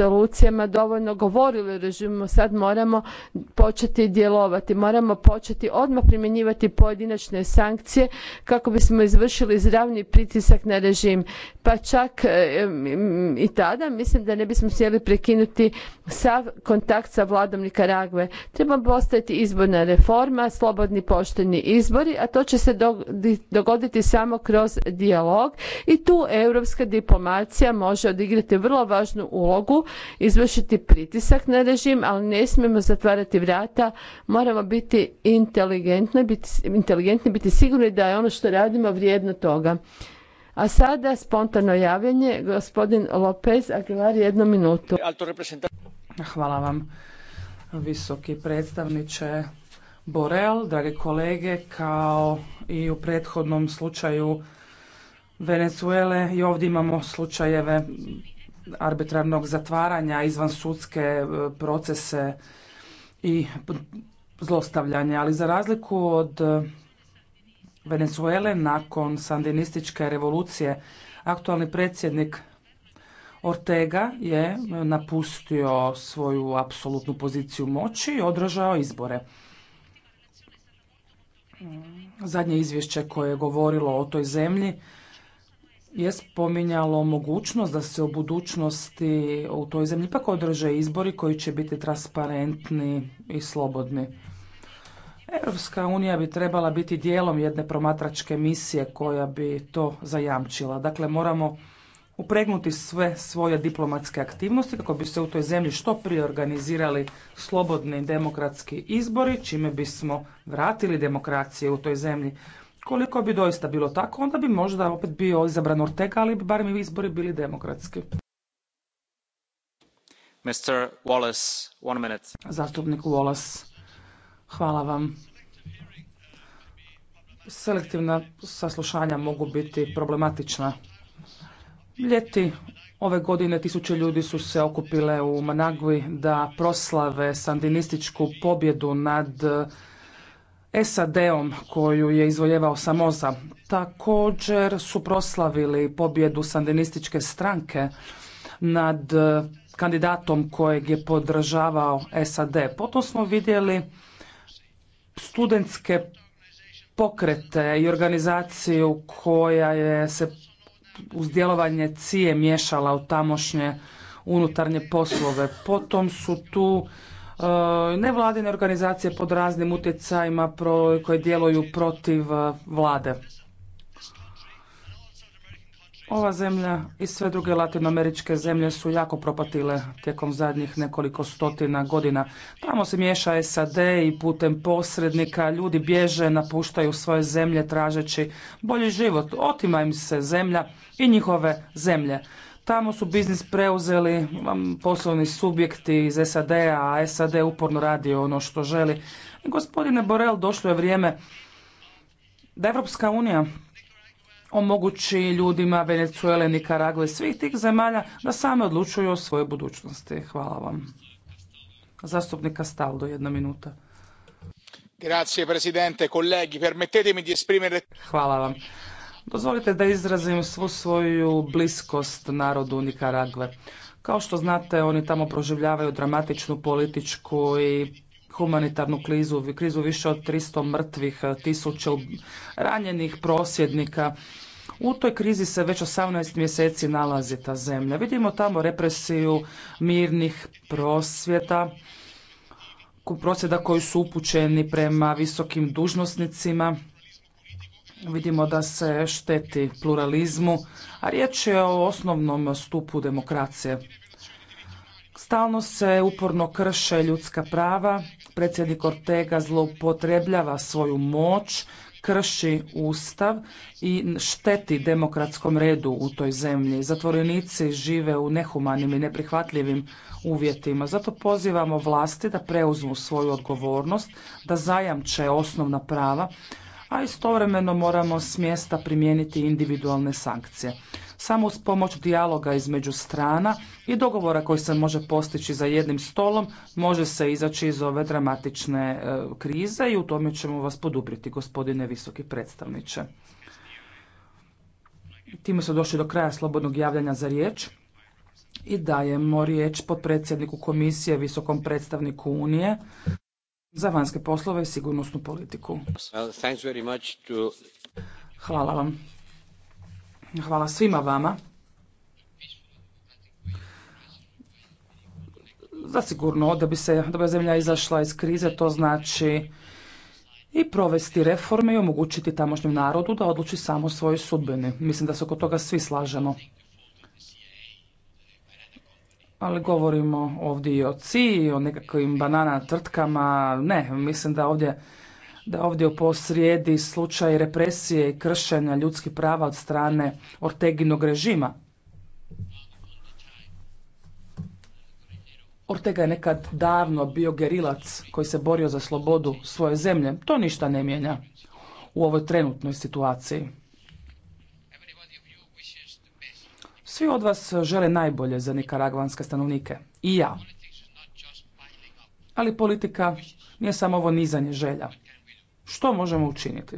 rezolucijama dovoljno govorili o režimu, sad moramo početi djelovati. Moramo početi odmah primjenjivati pojedinačne sankcije kako bismo izvršili zdravni pritisak na režim. Pa čak e, i tada mislim da ne bismo smjeli prekinuti sav kontakt sa vladom Nikaragve. Treba postojati izborna reforma, slobodni pošteni izbori, a to će se dogoditi samo kroz dijalog i tu europska diplomacija može odigrati vrlo važnu ulogu izvršiti pritisak na režim, ali ne smijemo zatvarati vrata. Moramo biti inteligentni, biti, inteligentni, biti sigurni da je ono što radimo vrijedno toga. A sada spontano javljanje, gospodin Lopez Aguilar, jednu minutu. Hvala vam, visoki predstavniče Borel, dragi kolege, kao i u prethodnom slučaju Venezuele i ovdje imamo slučajeve arbitrarnog zatvaranja, izvan sudske e, procese i zlostavljanja. Ali za razliku od e, Venezuele nakon sandinističke revolucije, aktualni predsjednik Ortega je napustio svoju apsolutnu poziciju moći i održao izbore. Zadnje izvješće koje je govorilo o toj zemlji je spominjalo mogućnost da se u budućnosti u toj zemlji ipak održe izbori koji će biti transparentni i slobodni. Europska unija bi trebala biti dijelom jedne promatračke misije koja bi to zajamčila. Dakle, moramo upregnuti sve svoje diplomatske aktivnosti kako bi se u toj zemlji što prije organizirali slobodni demokratski izbori, čime bismo vratili demokracije u toj zemlji. Koliko bi doista bilo tako, onda bi možda opet bio izabran Ortega, ali bi barem i izbori bili demokratski. Mr. Wallace, one minute. Zastupnik Wallace, hvala vam. Selektivna saslušanja mogu biti problematična. Ljeti Ove godine tisuće ljudi su se okupile u Managvi da proslave sandinističku pobjedu nad SAD-om koju je izvoljevao Samoza. Također su proslavili pobjedu sandinističke stranke nad e, kandidatom kojeg je podržavao SAD. Potom smo vidjeli studentske pokrete i organizaciju koja je se uz djelovanje cije miješala u tamošnje unutarnje poslove. Potom su tu E, nevladine organizacije pod raznim utjecajima koje djeluju protiv e, vlade. Ova zemlja i sve druge latinoameričke zemlje su jako propatile tijekom zadnjih nekoliko stotina godina. Tamo se miješa SAD i putem posrednika ljudi bježe, napuštaju svoje zemlje tražeći bolji život. Otima im se zemlja i njihove zemlje. Tamo su biznis preuzeli poslovni subjekti iz SAD-a, a SAD uporno radi ono što želi. Gospodine Borel, došlo je vrijeme da Evropska unija omogući ljudima Venezuele, Nikaragove, svih tih zemalja da same odlučuju o svojoj budućnosti. Hvala vam. Zastupnik Castaldo, jedna minuta. Grazie, presidente, colleghi, permettetemi di esprimere... Hvala vam. Dozvolite da izrazim svu svoju bliskost narodu Nikaragve. Kao što znate, oni tamo proživljavaju dramatičnu političku i humanitarnu krizu, krizu više od 300 mrtvih, tisuće ranjenih prosjednika. U toj krizi se već 18 mjeseci nalazi ta zemlja. Vidimo tamo represiju mirnih prosvjeta, prosvjeda koji su upućeni prema visokim dužnosnicima Vidimo da se šteti pluralizmu, a riječ je o osnovnom stupu demokracije. Stalno se uporno krše ljudska prava, predsjednik Ortega zloupotrebljava svoju moć, krši ustav i šteti demokratskom redu u toj zemlji. Zatvorenici žive u nehumanim i neprihvatljivim uvjetima. Zato pozivamo vlasti da preuzmu svoju odgovornost, da zajamče osnovna prava, a istovremeno moramo s mjesta primijeniti individualne sankcije. Samo uz pomoć dijaloga između strana i dogovora koji se može postići za jednim stolom može se izaći iz ove dramatične e, krize i u tome ćemo vas podubriti, gospodine visoki predstavniče. Time smo došli do kraja slobodnog javljanja za riječ. I dajemo riječ potpredsjedniku komisije, visokom predstavniku Unije za vanjske poslove i sigurnosnu politiku. Hvala vam. Hvala svima vama. Zasigurno, da bi se da bi zemlja izašla iz krize, to znači i provesti reforme i omogućiti tamošnjem narodu da odluči samo o svojoj sudbini. Mislim da se oko toga svi slažemo ali govorimo ovdje i o CI, o nekakvim banana trtkama. Ne, mislim da ovdje da ovdje u posrijedi slučaj represije i kršenja ljudskih prava od strane Orteginog režima. Ortega je nekad davno bio gerilac koji se borio za slobodu svoje zemlje. To ništa ne mijenja u ovoj trenutnoj situaciji. Svi od vas žele najbolje za nikaragvanske stanovnike. I ja. Ali politika nije samo ovo nizanje želja. Što možemo učiniti?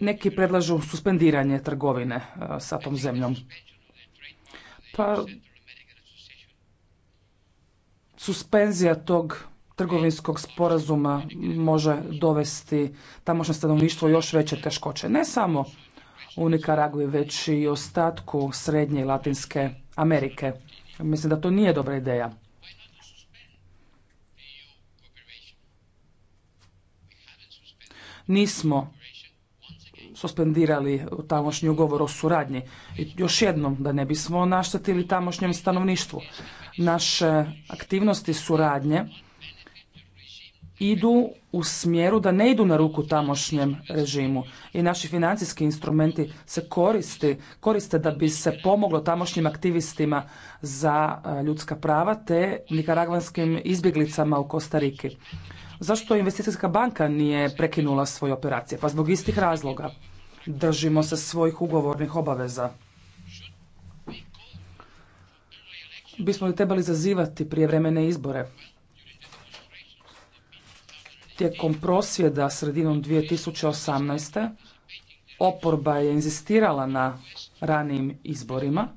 Neki predlažu suspendiranje trgovine e, sa tom zemljom. Pa, suspenzija tog trgovinskog sporazuma može dovesti tamošnje stanovništvo još veće teškoće. Ne samo u Nikaragvi, već i ostatku Srednje i Latinske Amerike. Mislim da to nije dobra ideja. Nismo suspendirali tamošnji ugovor o suradnji. još jednom, da ne bismo naštetili tamošnjem stanovništvu. Naše aktivnosti suradnje idu u smjeru da ne idu na ruku tamošnjem režimu i naši financijski instrumenti se koristi, koriste da bi se pomoglo tamošnjim aktivistima za e, ljudska prava te nikaragvanskim izbjeglicama u Kostariki. Zašto investicijska banka nije prekinula svoje operacije? Pa zbog istih razloga. Držimo se svojih ugovornih obaveza. Bismo li trebali zazivati prijevremene izbore? Tijekom prosvjeda sredinom 2018. oporba je inzistirala na ranijim izborima.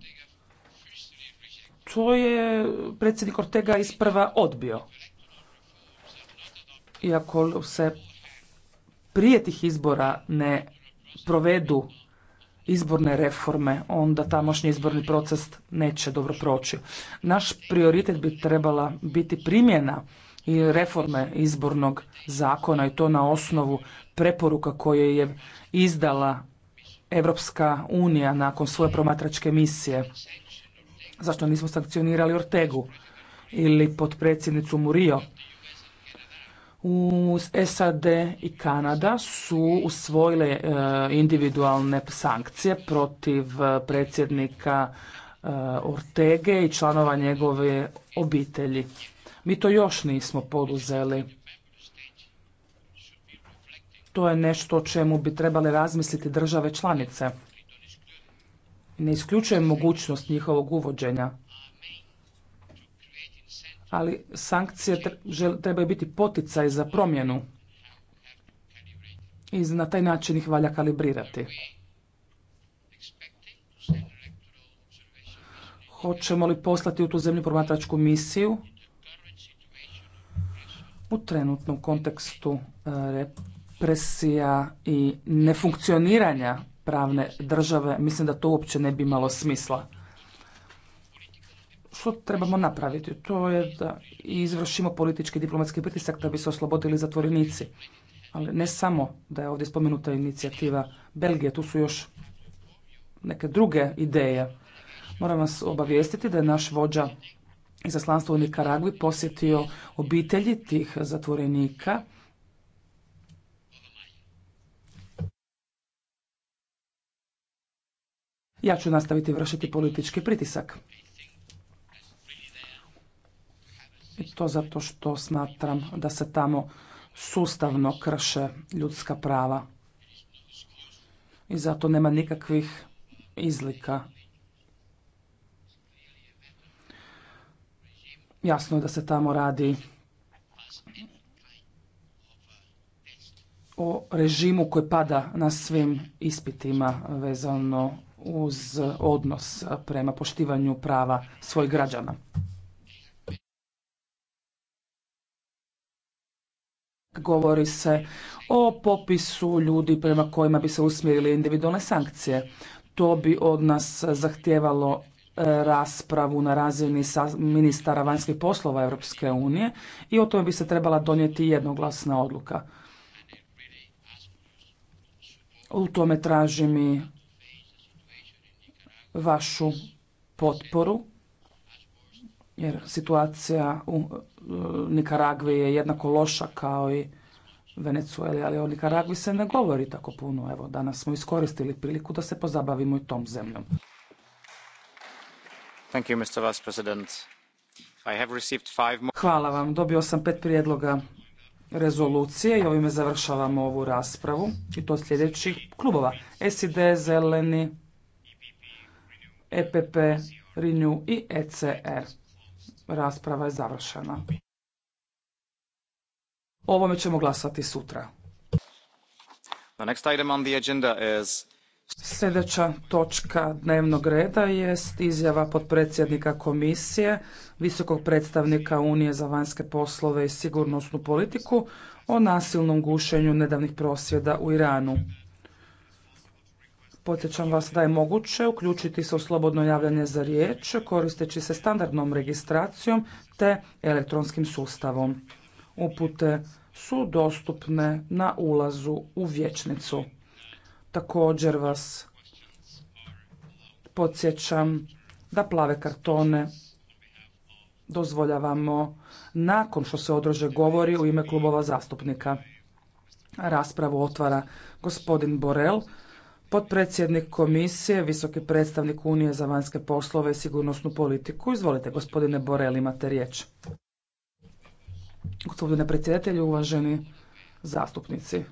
To je predsjednik Ortega isprva odbio. Iako se prije tih izbora ne provedu izborne reforme, onda tamošnji izborni proces neće dobro proći. Naš prioritet bi trebala biti primjena i reforme izbornog zakona i to na osnovu preporuka koje je izdala Evropska unija nakon svoje promatračke misije. Zašto nismo sankcionirali Ortegu ili potpredsjednicu Murio? U SAD i Kanada su usvojile e, individualne sankcije protiv e, predsjednika e, Ortege i članova njegove obitelji. Mi to još nismo poduzeli. To je nešto o čemu bi trebale razmisliti države članice. Ne isključujem mogućnost njihovog uvođenja, ali sankcije trebaju biti poticaj za promjenu i na taj način ih valja kalibrirati. Hoćemo li poslati u tu zemlju promatračku misiju? u trenutnom kontekstu e, represija i nefunkcioniranja pravne države, mislim da to uopće ne bi imalo smisla. Što trebamo napraviti? To je da izvršimo politički diplomatski pritisak da bi se oslobodili zatvorenici. Ali ne samo da je ovdje spomenuta inicijativa Belgije, tu su još neke druge ideje. Moram vas obavijestiti da je naš vođa izaslanstvo u Nikaragvi posjetio obitelji tih zatvorenika. Ja ću nastaviti vršiti politički pritisak. I to zato što smatram da se tamo sustavno krše ljudska prava. I zato nema nikakvih izlika Jasno je da se tamo radi o režimu koji pada na svim ispitima vezano uz odnos prema poštivanju prava svojih građana. Govori se o popisu ljudi prema kojima bi se usmjerili individualne sankcije. To bi od nas zahtijevalo raspravu na razini ministara vanjskih poslova Europske unije i o tome bi se trebala donijeti jednoglasna odluka. U tome tražim i vašu potporu jer situacija u e, Nikaragvi je jednako loša kao i Venecueli, ali o Nikaragvi se ne govori tako puno. Evo, danas smo iskoristili priliku da se pozabavimo i tom zemljom. Hvala vam. Dobio sam pet prijedloga rezolucije i ovime završavamo ovu raspravu i to sljedećih klubova. SID, Zeleni, EPP, Renew i ECR. Rasprava je završena. Ovome ćemo glasati sutra. The next item Sljedeća točka dnevnog reda jest izjava potpredsjednika komisije, visokog predstavnika Unije za vanjske poslove i sigurnosnu politiku o nasilnom gušenju nedavnih prosvjeda u Iranu. Podsjećam vas da je moguće uključiti se u slobodno javljanje za riječ koristeći se standardnom registracijom te elektronskim sustavom. Upute su dostupne na ulazu u vječnicu. Također vas podsjećam da plave kartone dozvoljavamo nakon što se održe govori u ime klubova zastupnika. Raspravu otvara gospodin Borel, potpredsjednik komisije, visoki predstavnik Unije za vanjske poslove i sigurnosnu politiku. Izvolite gospodine Borel, imate riječ. Gospodine predsjedatelju, uvaženi zastupnici.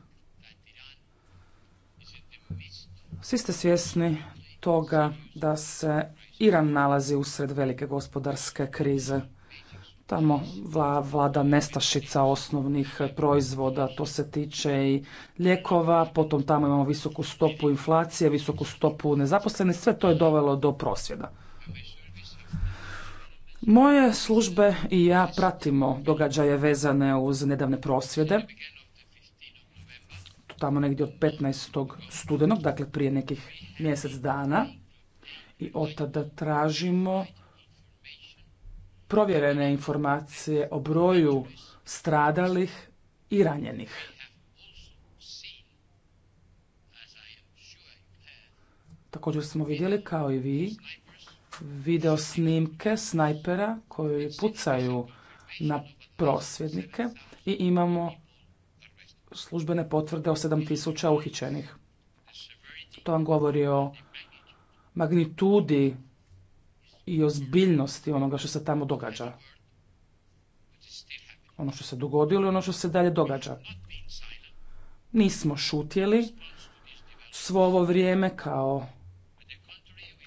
Svi ste svjesni toga da se Iran nalazi usred velike gospodarske krize. Tamo vlada nestašica osnovnih proizvoda, to se tiče i lijekova, potom tamo imamo visoku stopu inflacije, visoku stopu nezaposlenih, sve to je dovelo do prosvjeda. Moje službe i ja pratimo događaje vezane uz nedavne prosvjede tamo negdje od 15. studenog, dakle prije nekih mjesec dana. I od tada tražimo provjerene informacije o broju stradalih i ranjenih. Također smo vidjeli, kao i vi, video snimke snajpera koji pucaju na prosvjednike i imamo službene potvrde o 7000 uhićenih. To vam govori o magnitudi i ozbiljnosti onoga što se tamo događa. Ono što se dogodilo i ono što se dalje događa. Nismo šutjeli svo ovo vrijeme kao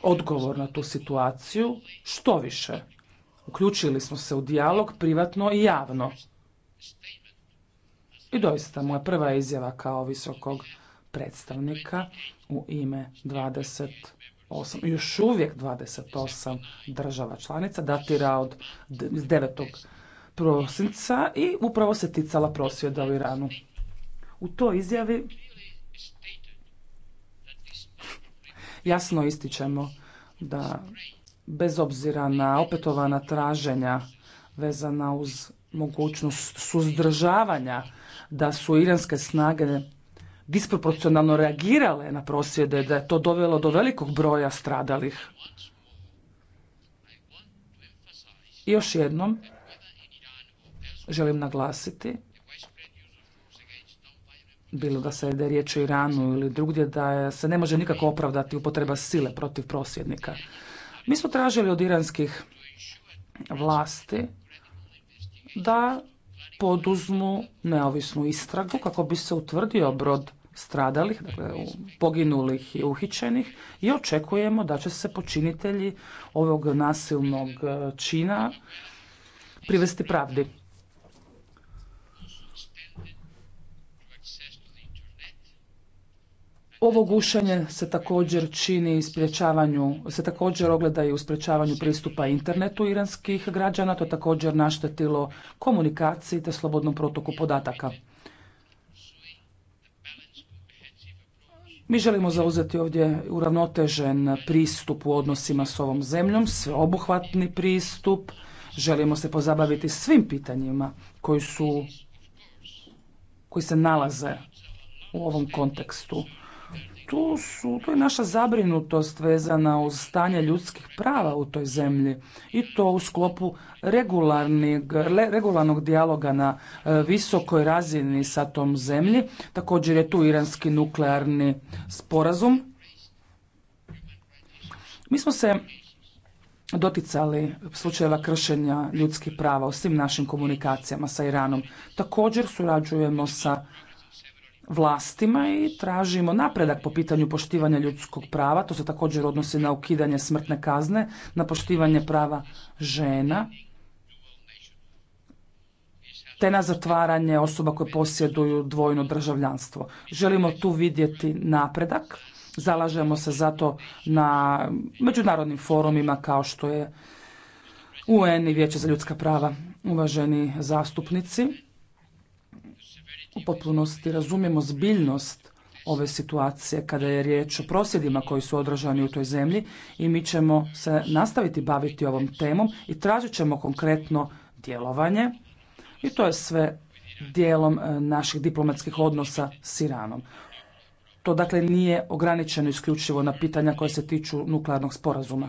odgovor na tu situaciju, što više. Uključili smo se u dijalog privatno i javno. I doista moja prva izjava kao visokog predstavnika u ime 28, još uvijek 28 država članica datira od 9. prosinca i upravo se ticala prosvjeda u Iranu. U toj izjavi jasno ističemo da bez obzira na opetovana traženja vezana uz mogućnost suzdržavanja da su iranske snage disproporcionalno reagirale na prosvjede, da je to dovelo do velikog broja stradalih. I još jednom želim naglasiti bilo da se je riječ o Iranu ili drugdje, da se ne može nikako opravdati upotreba sile protiv prosvjednika. Mi smo tražili od iranskih vlasti da poduzmu neovisnu istragu kako bi se utvrdio brod stradalih, dakle poginulih i uhićenih i očekujemo da će se počinitelji ovog nasilnog e, čina privesti pravdi. Ovo gušenje se također čini sprječavanju, se također ogleda i u sprječavanju pristupa internetu iranskih građana, to također naštetilo komunikaciji te slobodnom protoku podataka. Mi želimo zauzeti ovdje uravnotežen pristup u odnosima s ovom zemljom, sveobuhvatni pristup, želimo se pozabaviti svim pitanjima koji su koji se nalaze u ovom kontekstu tu su, to je naša zabrinutost vezana uz stanje ljudskih prava u toj zemlji i to u sklopu regularnog dijaloga na e, visokoj razini sa tom zemlji. Također je tu iranski nuklearni sporazum. Mi smo se doticali slučajeva kršenja ljudskih prava u svim našim komunikacijama sa Iranom. Također surađujemo sa vlastima i tražimo napredak po pitanju poštivanja ljudskog prava. To se također odnosi na ukidanje smrtne kazne, na poštivanje prava žena, te na zatvaranje osoba koje posjeduju dvojno državljanstvo. Želimo tu vidjeti napredak. Zalažemo se zato na međunarodnim forumima kao što je UN i Vijeće za ljudska prava. Uvaženi zastupnici, u potpunosti razumijemo zbiljnost ove situacije kada je riječ o prosjedima koji su održani u toj zemlji i mi ćemo se nastaviti baviti ovom temom i tražit ćemo konkretno djelovanje i to je sve dijelom e, naših diplomatskih odnosa s Iranom. To dakle nije ograničeno isključivo na pitanja koja se tiču nuklearnog sporazuma.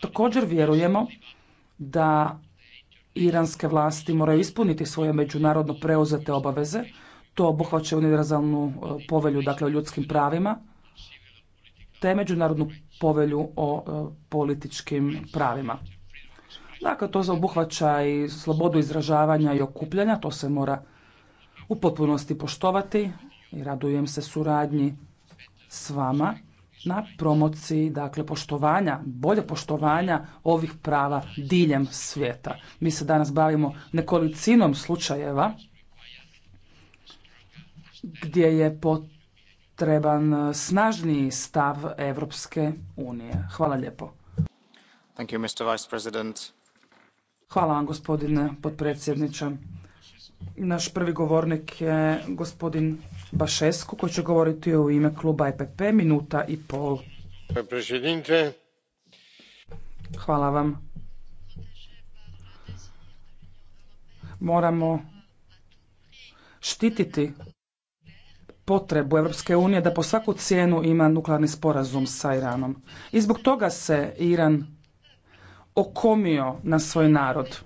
Također vjerujemo da iranske vlasti moraju ispuniti svoje međunarodno preuzete obaveze to obuhvaća univerzalnu e, povelju dakle, o ljudskim pravima te međunarodnu povelju o e, političkim pravima. Dakle, to obuhvaća i slobodu izražavanja i okupljanja, to se mora u potpunosti poštovati i radujem se suradnji s vama na promociji dakle poštovanja, bolje poštovanja ovih prava diljem svijeta. Mi se danas bavimo nekolicinom slučajeva gdje je potreban snažniji stav Europske unije. Hvala lijepo. Thank you, Mr. Vice Hvala vam gospodine potpredsjedniče. Naš prvi govornik je gospodin Bašesku koji će govoriti u ime kluba EPP minuta i pol. Hvala vam. Moramo štititi potrebu Europske unije da po svaku cijenu ima nuklearni sporazum sa Iranom. I zbog toga se Iran okomio na svoj narod.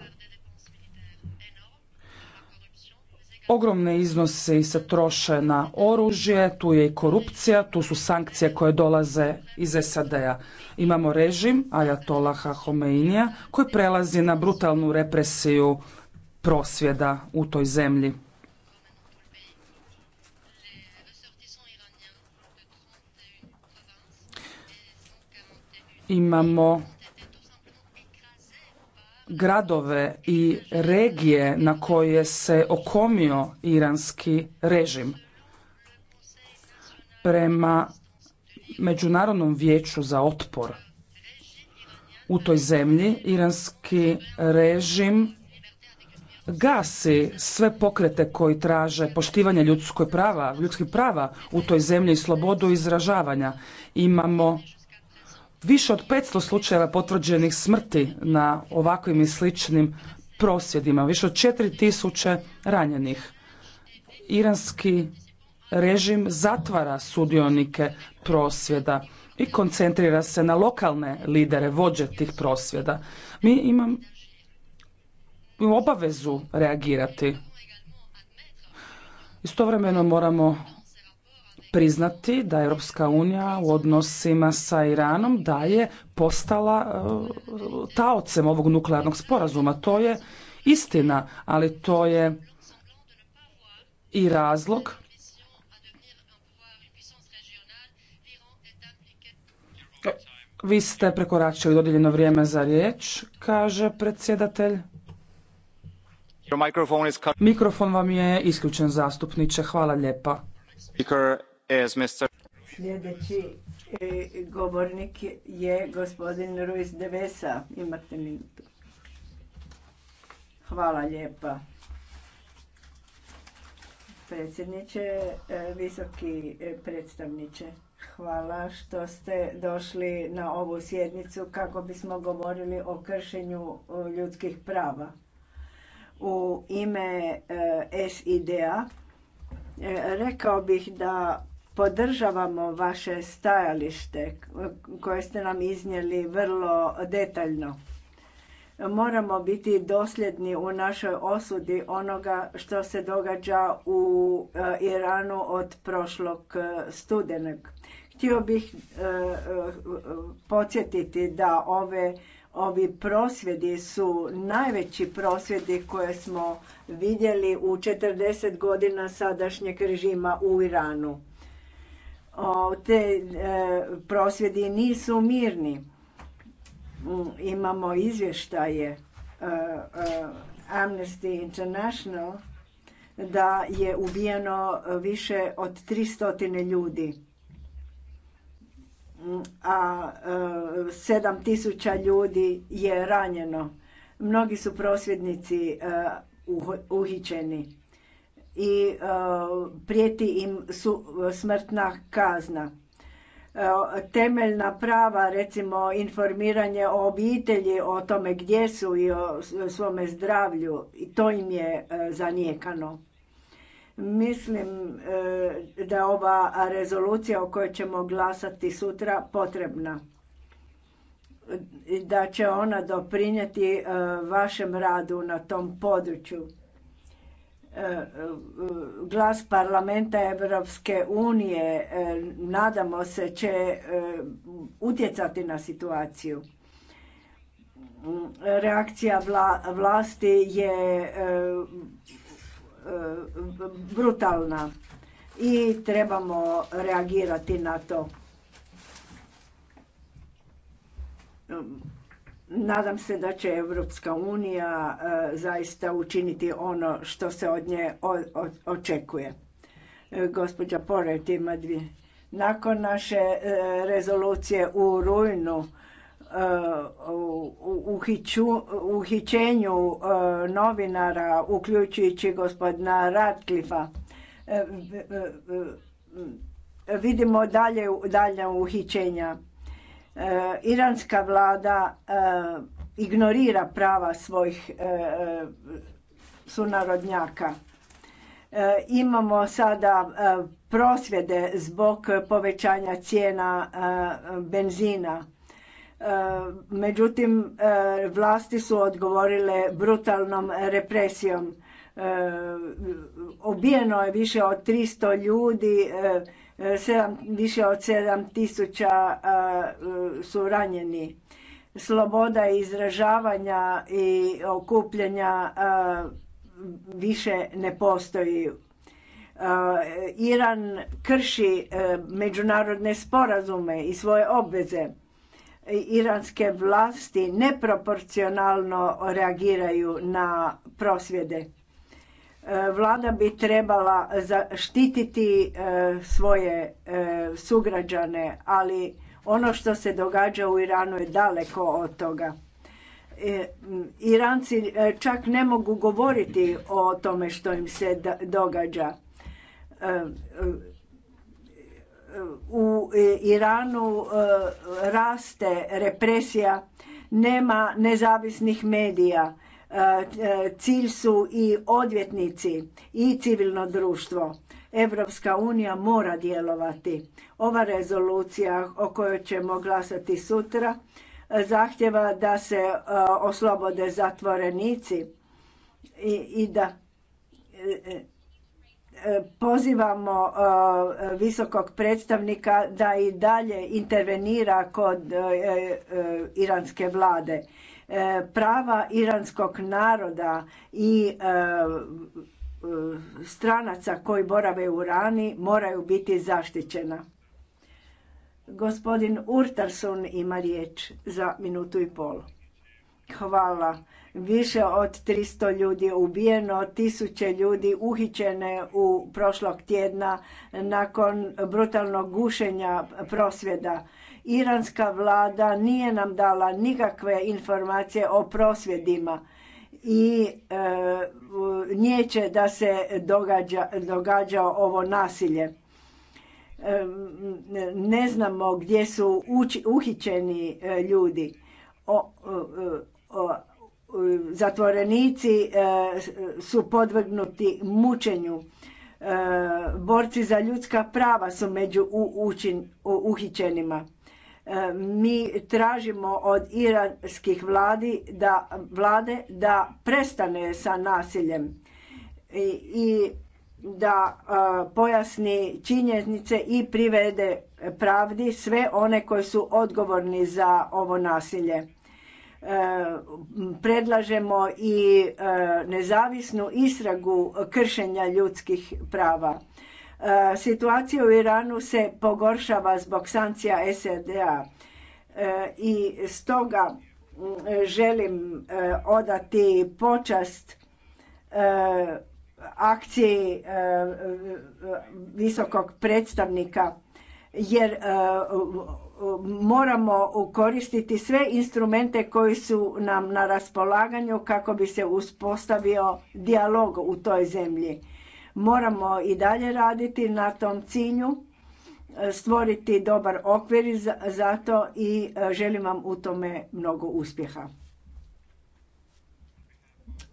Ogromne iznose se troše na oružje, tu je i korupcija, tu su sankcije koje dolaze iz SAD-a. Imamo režim Ajatolaha Homeinija koji prelazi na brutalnu represiju prosvjeda u toj zemlji. imamo gradove i regije na koje se okomio iranski režim. Prema Međunarodnom vijeću za otpor u toj zemlji iranski režim gasi sve pokrete koji traže poštivanje ljudskih prava, ljudskih prava u toj zemlji i slobodu izražavanja. Imamo više od 500 slučajeva potvrđenih smrti na ovakvim i sličnim prosvjedima, više od 4000 ranjenih. Iranski režim zatvara sudionike prosvjeda i koncentrira se na lokalne lidere, vođe tih prosvjeda. Mi imam obavezu reagirati. Istovremeno moramo priznati da Europska unija u odnosima sa Iranom da je postala e, taocem ovog nuklearnog sporazuma. To je istina, ali to je i razlog Vi ste prekoračili dodijeljeno vrijeme za riječ, kaže predsjedatelj. Mikrofon vam je isključen zastupniče, hvala lijepa. Sljedeći e, govornik je gospodin Ruiz Devesa. Imate minutu. Hvala lijepa. Predsjedniče, e, visoki e, predstavniče, hvala što ste došli na ovu sjednicu kako bismo govorili o kršenju ljudskih prava. U ime SID-a rekao bih da Podržavamo vaše stajalište koje ste nam iznijeli vrlo detaljno. Moramo biti dosljedni u našoj osudi onoga što se događa u e, Iranu od prošlog e, studenog. Htio bih e, podsjetiti da ove ovi prosvjedi su najveći prosvjedi koje smo vidjeli u 40 godina sadašnjeg režima u Iranu te e, prosvjedi nisu mirni. Mm, imamo izvještaje e, e, Amnesty International da je ubijeno više od 300 ljudi mm, a 7000 ljudi je ranjeno. Mnogi su prosvjednici uhićeni i e, prijeti im e, smrtna kazna e, temeljna prava, recimo informiranje o obitelji, o tome gdje su i o svome zdravlju, i to im je zanijekano. Mislim da je ova rezolucija o kojoj ćemo glasati sutra potrebna. Da će ona doprinijeti vašem radu na tom području glas parlamenta Europske unije e, nadamo se će e, utjecati na situaciju. Reakcija vlasti je e, brutalna i trebamo reagirati na to Nadam se da će Evropska unija e, zaista učiniti ono što se od nje očekuje. E, gospođa Poret ima dvije. Nakon naše e, rezolucije u rujnu u uhićenju novinara, uključujući gospodina Ratklifa, vidimo dalje, dalje uhićenja Eh, iranska vlada eh, ignorira prava svojih eh, sunarodnjaka. Imamo sada prosvjede zbog povećanja cijena benzina. Međutim, vlasti su odgovorile brutalnom represijom. Obijeno je više od 300 ljudi, više od 7 tisuća e, su ranjeni. Sloboda izražavanja i okupljanja više ne postoji. E, Iran krši e, međunarodne sporazume i svoje obveze. Iranske vlasti neproporcionalno reagiraju na prosvjede. Vlada bi trebala zaštititi e, svoje e, sugrađane, ali ono što se događa u Iranu je daleko od toga. E, Iranci čak ne mogu govoriti o tome što im se događa. U Iranu raste represija, nema nezavisnih medija, Cilj su i odvjetnici i civilno društvo. Evropska unija mora djelovati. Ova rezolucija o kojoj ćemo glasati sutra e, zahtjeva da se e, oslobode zatvorenici i da e, pozivamo visokog predstavnika da i dalje intervenira kod iranske vlade. E, prava iranskog naroda i e, e, stranaca koji borave u rani moraju biti zaštićena. Gospodin Urtarson ima riječ za minutu i pol. Hvala. Više od 300 ljudi je ubijeno, tisuće ljudi uhićene u prošlog tjedna nakon brutalnog gušenja prosvjeda. Iranska vlada nije nam dala nikakve informacije o prosvjedima i e, da se događa, ovo nasilje. E, ne znamo gdje su uhićeni e, ljudi. zatvorenici e, su podvrgnuti mučenju. Borci za ljudska prava su među uhićenima E, mi tražimo od iranskih vladi da, vlade da prestane sa nasiljem i, da e, pojasni činjenice i privede pravdi sve one koji su odgovorni za ovo nasilje. E, predlažemo i nezavisnu istragu kršenja ljudskih prava. Eh, situacija u Iranu se pogoršava zbog sankcija sed a eh, i stoga mm, želim eh, odati počast akciji visokog predstavnika jer moramo koristiti sve instrumente koji su nam na raspolaganju kako bi se uspostavio dijalog u toj zemlji Moramo i dalje raditi na tom cilju, e, stvoriti dobar okvir za to i e, želim vam u tome mnogo uspjeha.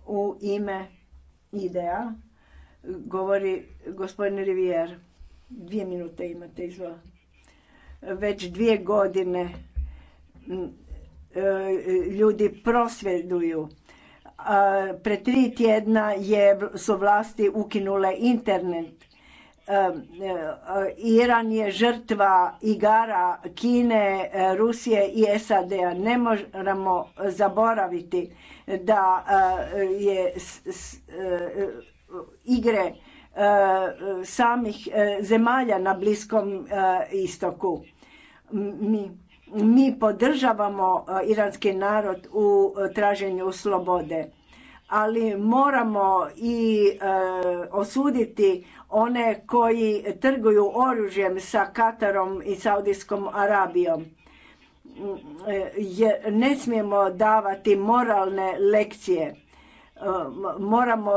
U ime IDEA e, govori gospodin Rivijer. Dvije minute imate, izvolite. Već dvije godine ljudi prosvjeduju Pre tri tjedna je, su vlasti ukinule internet. Iran je žrtva igara Kine, Rusije i SAD-a. Ne moramo zaboraviti da je e, igre e, samih e, zemalja na Bliskom istoku. Mi mi podržavamo e, iranski narod u e, traženju slobode, ali moramo i e, osuditi one koji trguju oružjem sa Katarom i Saudijskom Arabijom ne smijemo davati moralne lekcije. Moramo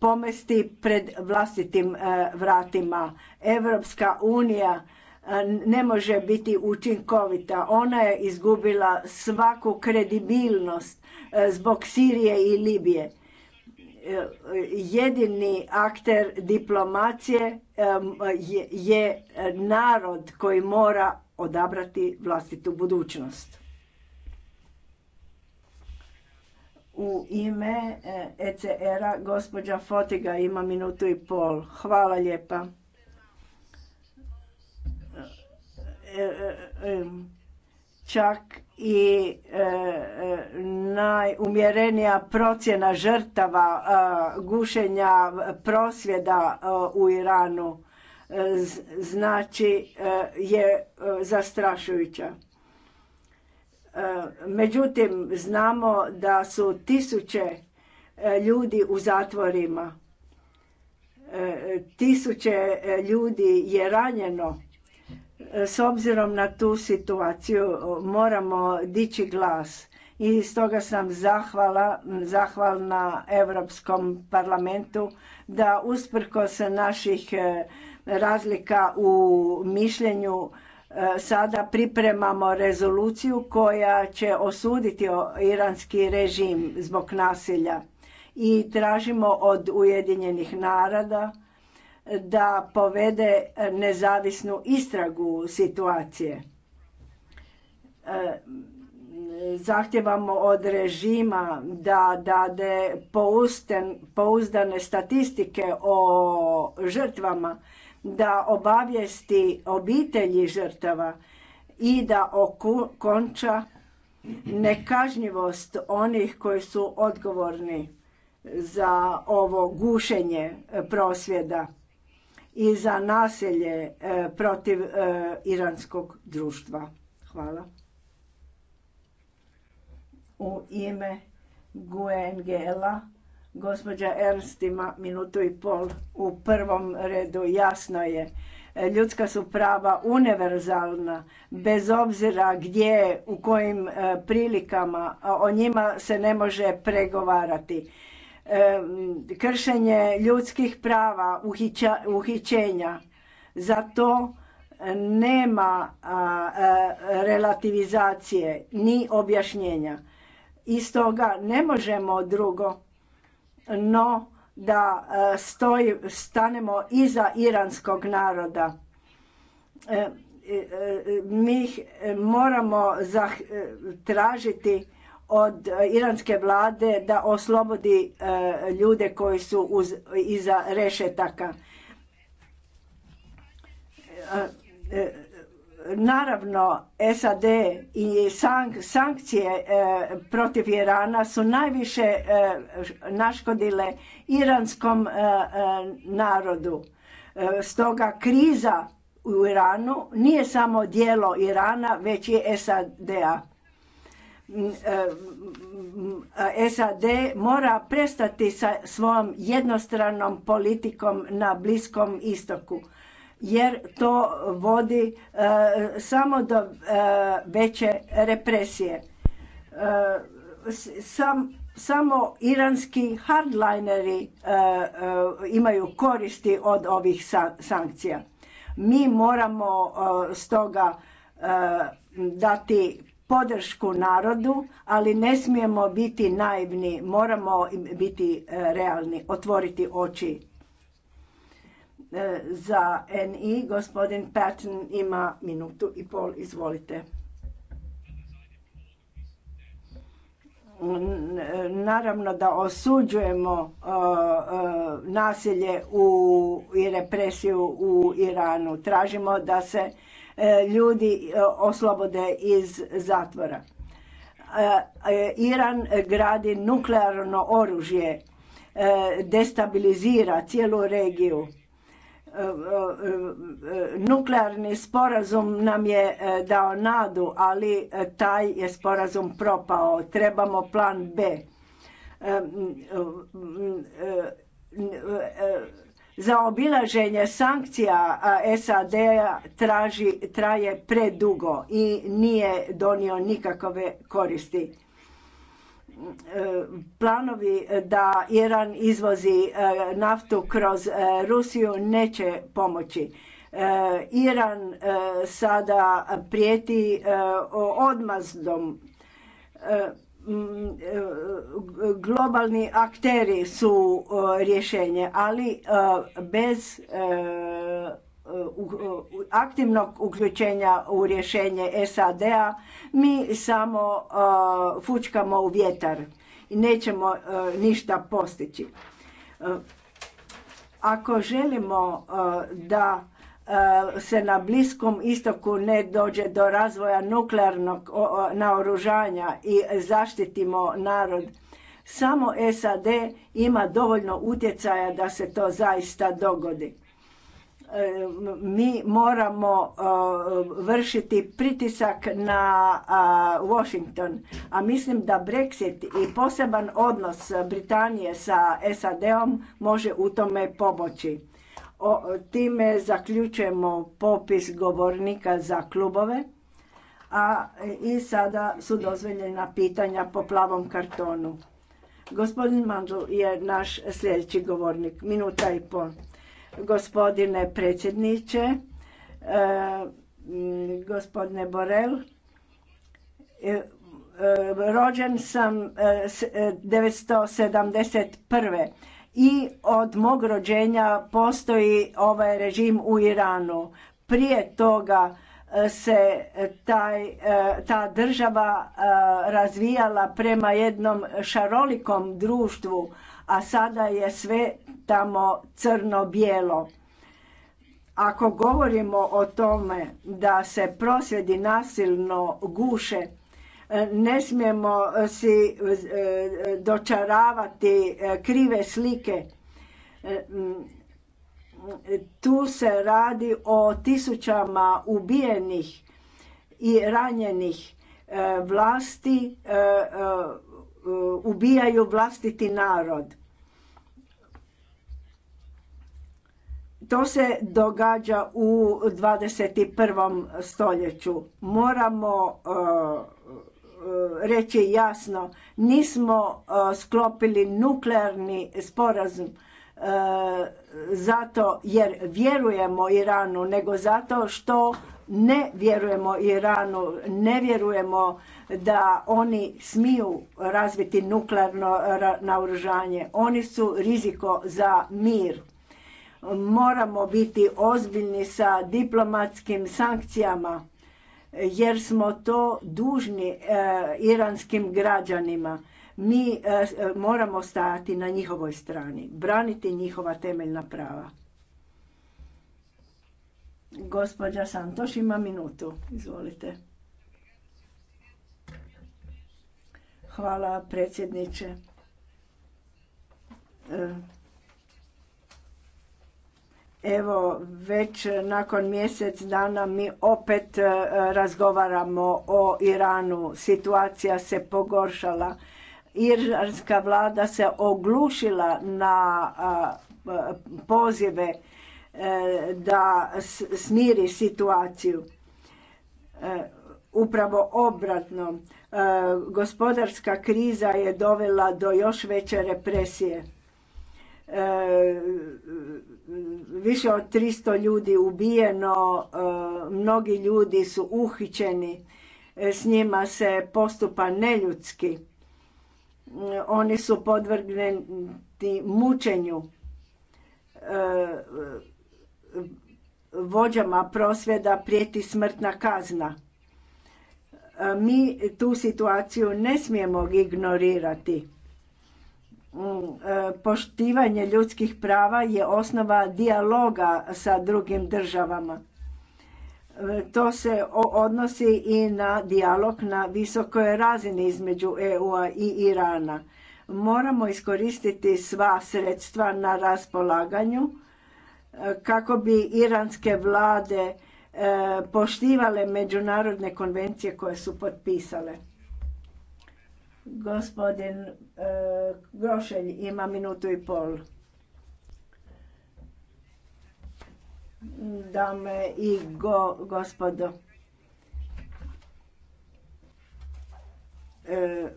pomesti pred vlastitim vratima. Evropska unija ne može biti učinkovita. Ona je izgubila svaku kredibilnost e, zbog Sirije i Libije. E, jedini akter diplomacije e, je narod koji mora odabrati vlastitu budućnost. U ime ECR-a gospođa Fotiga ima minutu i pol. Hvala lijepa. E, e, čak i e, najumjerenija procjena žrtava gušenja prosvjeda u Iranu znači je zastrašujuća. Međutim, znamo da su tisuće ljudi u zatvorima, tisuće ljudi je ranjeno s obzirom na tu situaciju moramo dići glas i stoga sam zahvala, zahvalna Europskom parlamentu da usprkos naših e, razlika u mišljenju e, sada pripremamo rezoluciju koja će osuditi iranski režim zbog nasilja i tražimo od Ujedinjenih naroda da povede nezavisnu istragu situacije. E, zahtjevamo od režima da dade pouzdane statistike o žrtvama, da obavijesti obitelji žrtava i da okonča nekažnjivost onih koji su odgovorni za ovo gušenje prosvjeda i za naselje e, protiv e, iranskog društva. Hvala. U ime Guengela, gospođa Ernst ima minutu i pol. U prvom redu jasno je e, ljudska su prava univerzalna bez obzira gdje u kojim prilikama o njima se ne može pregovarati kršenje ljudskih prava, uhićenja. Za to nema relativizacije ni objašnjenja. I stoga ne možemo drugo no da stanemo iza iranskog naroda. E, e, e, mi moramo tražiti od e, iranske vlade da oslobodi e, ljude koji su uz, iza rešetaka. E, naravno, SAD i sankcije protiv Irana su najviše naškodile iranskom narodu. Stoga kriza u Iranu nije samo dijelo Irana, već i SAD-a E, e, SAD mora prestati sa svojom jednostranom politikom na Bliskom istoku jer to vodi e, samo do veće represije. Sam, samo iranski hardlineri imaju koristi od ovih sankcija. Mi moramo stoga dati podršku narodu, ali ne smijemo biti naivni, moramo biti e, realni, otvoriti oči. E, za NI gospodin Patton ima minutu i pol, izvolite. E, naravno da osuđujemo nasilje u, i represiju u Iranu. Tražimo da se E, ljudi e, oslobode iz zatvora. E, Iran gradi nuklearno oružje, destabilizira cijelu regiju. Nuklearni sporazum nam je dao nadu, ali taj je sporazum propao. Trebamo plan B za obilaženje sankcija SAD traži, traje predugo i nije donio nikakove koristi. E, planovi da Iran izvozi e, naftu kroz e, Rusiju neće pomoći. Iran sada prijeti odmazdom Mm, e, globalni akteri su e, rješenje, ali e, bez aktivnog uključenja u rješenje SAD-a mi samo fučkamo u vjetar i nećemo ništa postići. Ako želimo da Eh, se na Bliskom istoku ne dođe do razvoja nuklearnog naoružanja i zaštitimo narod. Samo SAD ima dovoljno utjecaja da se to zaista dogodi. Eh, mi moramo eh, vršiti pritisak na Washington, a mislim da Brexit i poseban odnos Britanije sa SAD-om može u tome pomoći o, time zaključujemo popis govornika za klubove. A i sada su dozvoljena pitanja po plavom kartonu. Gospodin Mandl je naš sljedeći govornik. Minuta i pol. Gospodine predsjedniče, e, gospodine Borel, e, e, rođen sam 1971 i od mog rođenja postoji ovaj režim u Iranu. Prije toga e, se e, taj, e, ta država razvijala prema jednom šarolikom društvu, a sada je sve tamo crno-bijelo. Ako govorimo o tome da se prosvjedi nasilno guše, ne smijemo si e, dočaravati e, krive slike. E, mm, tu se radi o tisućama ubijenih i ranjenih vlasti ubijaju vlastiti narod. To se događa u 21. stoljeću. Moramo reći jasno, nismo e, sklopili nuklearni sporazum e, zato jer vjerujemo Iranu, nego zato što ne vjerujemo Iranu, ne vjerujemo da oni smiju razviti nuklearno naoružanje. Oni su riziko za mir. Moramo biti ozbiljni sa diplomatskim sankcijama jer smo to dužni e, iranskim građanima. Mi e, moramo stajati na njihovoj strani, braniti njihova temeljna prava. Gospođa Santoš ima minutu. Izvolite. Hvala predsjedniče. E, Evo, već nakon mjesec dana mi opet e, razgovaramo o Iranu. Situacija se pogoršala. Iranska vlada se oglušila na e, pozive e, da smiri situaciju. Upravo obratno, gospodarska kriza je dovela do još veće represije E, više od 300 ljudi ubijeno, e, mnogi ljudi su uhićeni, e, s njima se postupa neljudski. Oni su podvrgnuti mučenju vođama prosvjeda prijeti smrtna kazna. Mi tu situaciju ne smijemo ignorirati Mm, e, poštivanje ljudskih prava je osnova dijaloga sa drugim državama. E, to se odnosi i na dijalog na visokoj razini između EU-a i Irana. Moramo iskoristiti sva sredstva na raspolaganju e, kako bi iranske vlade poštivale međunarodne konvencije koje su potpisale. Gospodin Grošenj Grošelj ima minutu i pol. Dame i gospodo. E,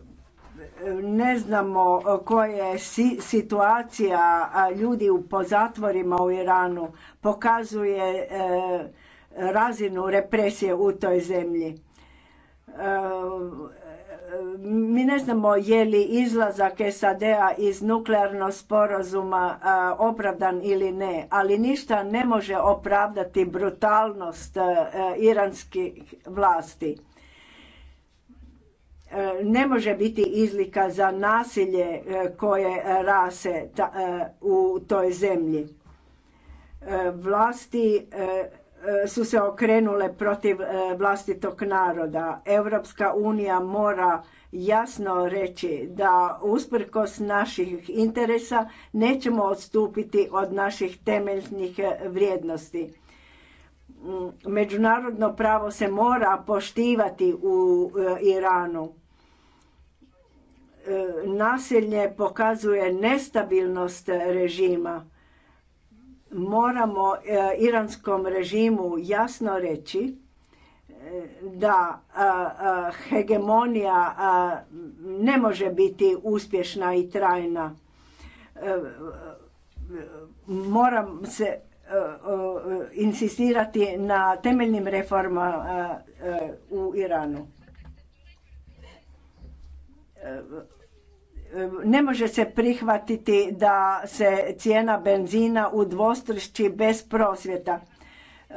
ne znamo koja je situacija ljudi po zatvorima u Iranu pokazuje e, razinu represije u toj zemlji. E, mi ne znamo je li izlazak SAD-a iz nuklearnog sporazuma opravdan ili ne, ali ništa ne može opravdati brutalnost e, iranskih vlasti. E, ne može biti izlika za nasilje e, koje rase u toj zemlji. Vlasti su se okrenule protiv e, vlastitog naroda. Europska unija mora jasno reći da usprkos naših interesa nećemo odstupiti od naših temeljnih e, vrijednosti. Mm, međunarodno pravo se mora poštivati u e, Iranu. Nasilje pokazuje nestabilnost režima moramo e, iranskom režimu jasno reći e, da hegemonija ne može biti uspješna i trajna. E, moram se insistirati na temeljnim reformama u Iranu ne može se prihvatiti da se cijena benzina udvostruči bez prosvjeta. E,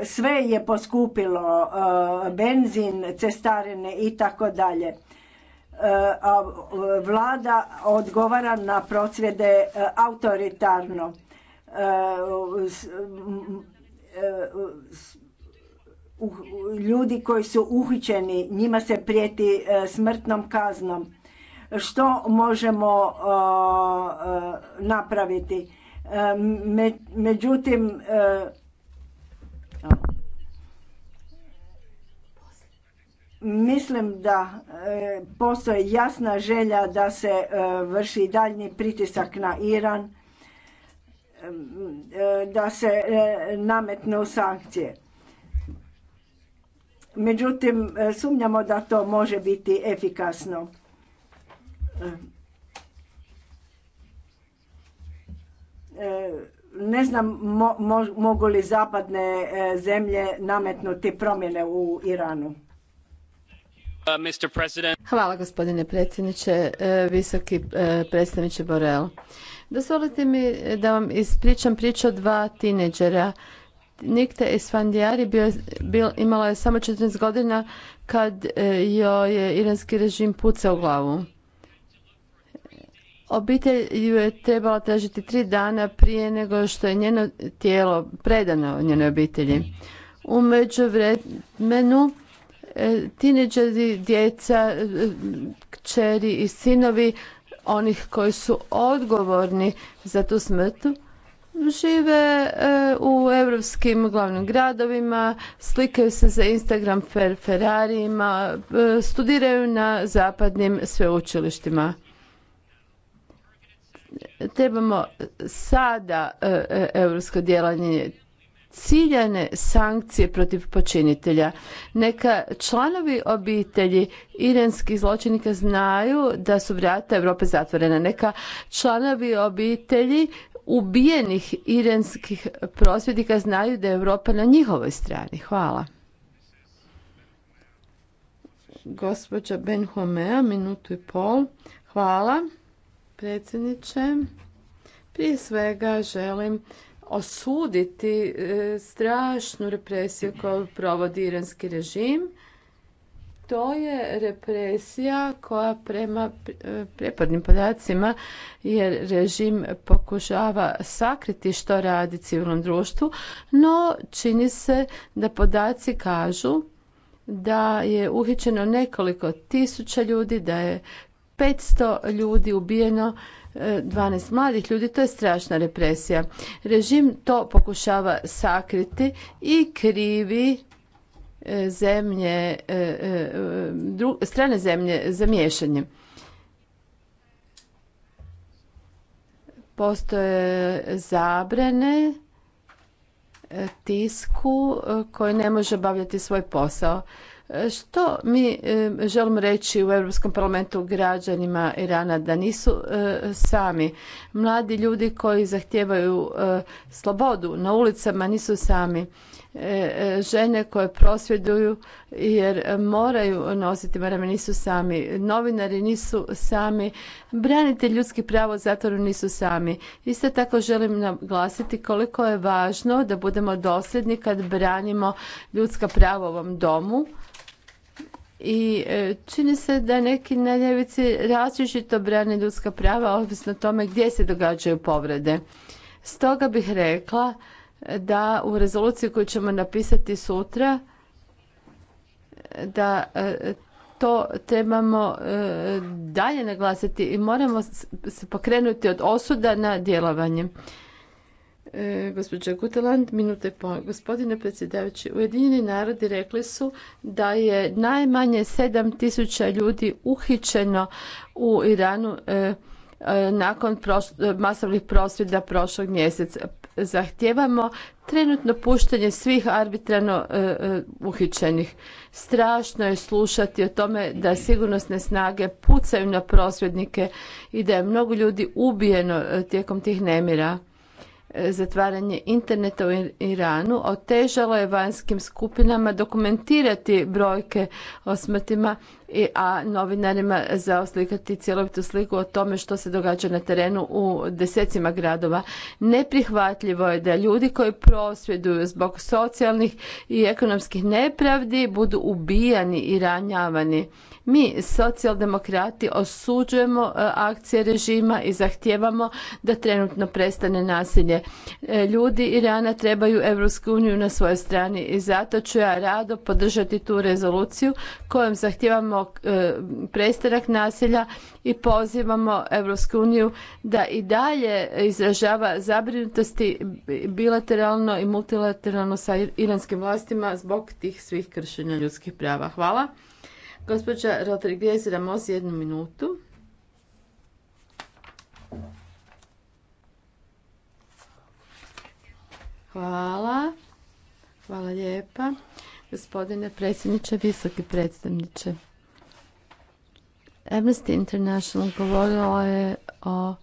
e, sve je poskupilo, e, benzin, cestarine i tako dalje. vlada odgovara na prosvjede autoritarno. Ljudi koji su uhićeni, njima se prijeti smrtnom kaznom što možemo napraviti. E, međutim, e, mislim da e, postoji jasna želja da se vrši daljni pritisak na Iran, da se nametnu sankcije. Međutim, sumnjamo da to može biti efikasno. E, e, ne znam mogu li zapadne e, zemlje nametnuti promjene u Iranu. Uh, Hvala gospodine predsjedniče, visoki predstavniče Borel. Dozvolite mi da vam ispričam priču o dva tineđera. Nikte iz bio, imala je samo 14 godina kad joj je iranski režim pucao u glavu. Obitelj ju je trebala tražiti tri dana prije nego što je njeno tijelo predano njenoj obitelji. U međuvremenu e, tineđeri, djeca, e, kćeri i sinovi onih koji su odgovorni za tu smrt žive e, u europskim glavnim gradovima, slikaju se za Instagram fer Ferrarijima, studiraju na zapadnim sveučilištima trebamo sada europsko e, djelanje ciljane sankcije protiv počinitelja. Neka članovi obitelji iranskih zločinika znaju da su vrata Europe zatvorena. Neka članovi obitelji ubijenih iranskih prosvjednika znaju da je Europa na njihovoj strani. Hvala. Gospođa Ben Homea, minutu i pol. Hvala predsjedniče. Prije svega želim osuditi e, strašnu represiju koju provodi iranski režim. To je represija koja prema e, prepadnim podacima jer režim pokušava sakriti što radi civilnom društvu, no čini se da podaci kažu da je uhićeno nekoliko tisuća ljudi, da je 500 ljudi ubijeno, 12 e, mladih ljudi, to je strašna represija. Režim to pokušava sakriti i krivi e, zemlje, e, strane zemlje za miješanje. Postoje zabrane tisku koji ne može obavljati svoj posao. Što mi e, želimo reći u Europskom parlamentu građanima Irana da nisu e, sami. Mladi ljudi koji zahtijevaju e, slobodu na ulicama nisu sami. Žene koje prosvjeduju jer moraju nositi marame nisu sami. Novinari nisu sami. Branitelji ljudski pravo zatvoru nisu sami. Isto tako želim naglasiti koliko je važno da budemo dosljedni kad branimo ljudska prava u ovom domu i e, čini se da neki na ljevici različito brane ljudska prava ovisno o tome gdje se događaju povrede. Stoga bih rekla da u rezoluciji koju ćemo napisati sutra da e, to trebamo e, dalje naglasiti i moramo se pokrenuti od osuda na djelovanje. E, minute po. Gospodine predsjedavajući, Ujedinjeni narodi rekli su da je najmanje 7000 ljudi uhićeno u Iranu e, e, nakon masovnih prosvjeda prošlog mjeseca. Zahtijevamo trenutno puštanje svih arbitrano e, uhićenih. Strašno je slušati o tome da sigurnosne snage pucaju na prosvjednike i da je mnogo ljudi ubijeno tijekom tih nemira E, zatvaranje interneta u Iranu otežalo je vanjskim skupinama dokumentirati brojke o smrtima, a novinarima zaoslikati cjelovitu sliku o tome što se događa na terenu u desecima gradova. Neprihvatljivo je da ljudi koji prosvjeduju zbog socijalnih i ekonomskih nepravdi budu ubijani i ranjavani. Mi, socijaldemokrati, osuđujemo e, akcije režima i zahtijevamo da trenutno prestane nasilje. E, ljudi Irana trebaju Evropsku uniju na svojoj strani i zato ću ja rado podržati tu rezoluciju kojom zahtijevamo e, prestanak nasilja i pozivamo Evropsku uniju da i dalje izražava zabrinutosti bilateralno i multilateralno sa iranskim vlastima zbog tih svih kršenja ljudskih prava. Hvala. Gospođa Rodriguez Ramos, jednu minutu. Hvala. Hvala lijepa. Gospodine predsjedniče, visoki predstavniče. Amnesty International govorila je o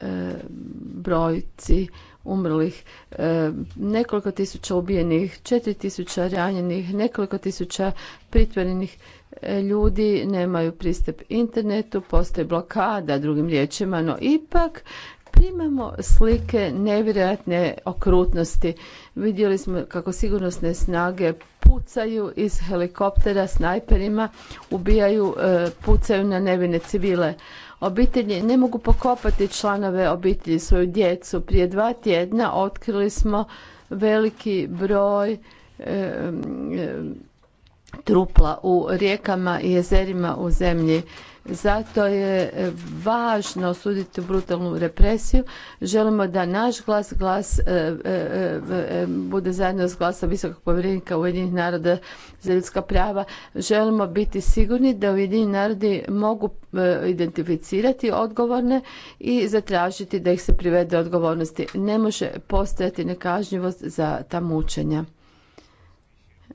e, brojci umrlih, e, nekoliko tisuća ubijenih, četiri tisuća ranjenih, nekoliko tisuća pritvorenih e, ljudi, nemaju pristup internetu, postoji blokada, drugim riječima, no ipak primamo slike nevjerojatne okrutnosti. Vidjeli smo kako sigurnosne snage pucaju iz helikoptera snajperima, ubijaju, e, pucaju na nevine civile obitelji ne mogu pokopati članove obitelji svoju djecu. Prije dva tjedna otkrili smo veliki broj e, trupla u rijekama i jezerima u zemlji zato je važno osuditi brutalnu represiju. Želimo da naš glas, glas e, e, e, bude zajedno s glasom visokog povjerenika Ujedinjenih naroda za ljudska prava. Želimo biti sigurni da Ujedinjeni narodi mogu identificirati odgovorne i zatražiti da ih se privede odgovornosti. Ne može postojati nekažnjivost za ta mučenja.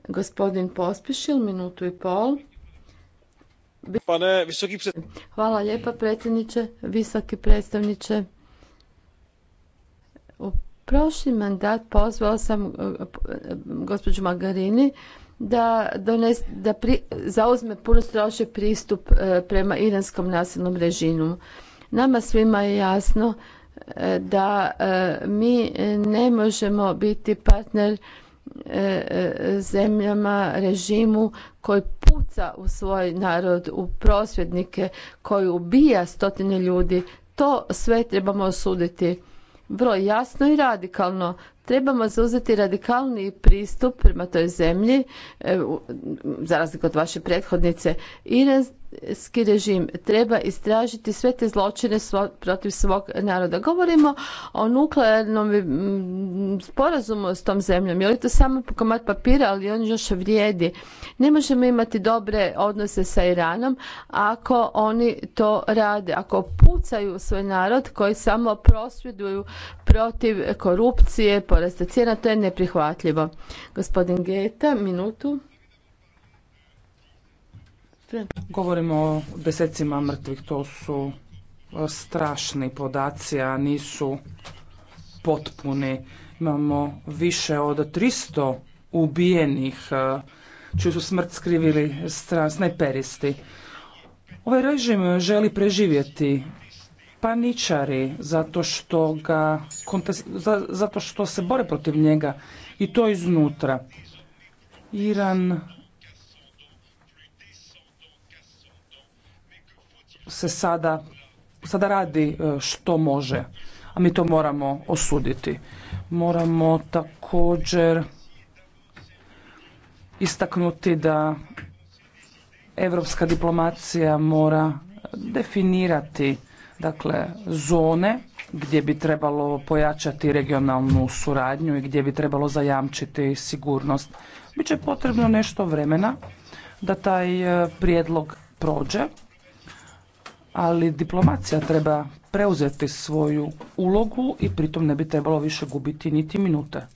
Gospodin Pospišil, minutu i pol visoki Hvala lijepa predsjedniče, visoki predstavniče. U prošli mandat pozvao sam e, e, gospođu Magarini da, da zauzme puno stroši pristup e, prema iranskom nasilnom režimu. Nama svima je jasno da mi ne možemo biti partner E, e, zemljama, režimu koji puca u svoj narod, u prosvjednike, koji ubija stotine ljudi. To sve trebamo osuditi vrlo jasno i radikalno trebamo zauzeti radikalni pristup prema toj zemlji, e, za razliku od vaše prethodnice, iranski režim treba istražiti sve te zločine protiv svog naroda. Govorimo o nuklearnom sporazumu s tom zemljom. Je li to samo komad papira, ali on još vrijedi. Ne možemo imati dobre odnose sa Iranom ako oni to rade, ako pucaju svoj narod koji samo prosvjeduju protiv korupcije, porasta cijena, to je neprihvatljivo. Gospodin Geta, minutu. Govorimo o desecima mrtvih, to su e, strašni podaci, a nisu potpuni. Imamo više od 300 ubijenih, e, čiju su smrt skrivili snajperisti. Ovaj režim želi preživjeti paničari zato što, zato što se bore protiv njega i to iznutra. Iran se sada, sada radi e, što može, a mi to moramo osuditi. Moramo također istaknuti da europska diplomacija mora definirati dakle zone gdje bi trebalo pojačati regionalnu suradnju i gdje bi trebalo zajamčiti sigurnost. Biće potrebno nešto vremena da taj e, prijedlog prođe, ali diplomacija treba preuzeti svoju ulogu i pritom ne bi trebalo više gubiti niti minute.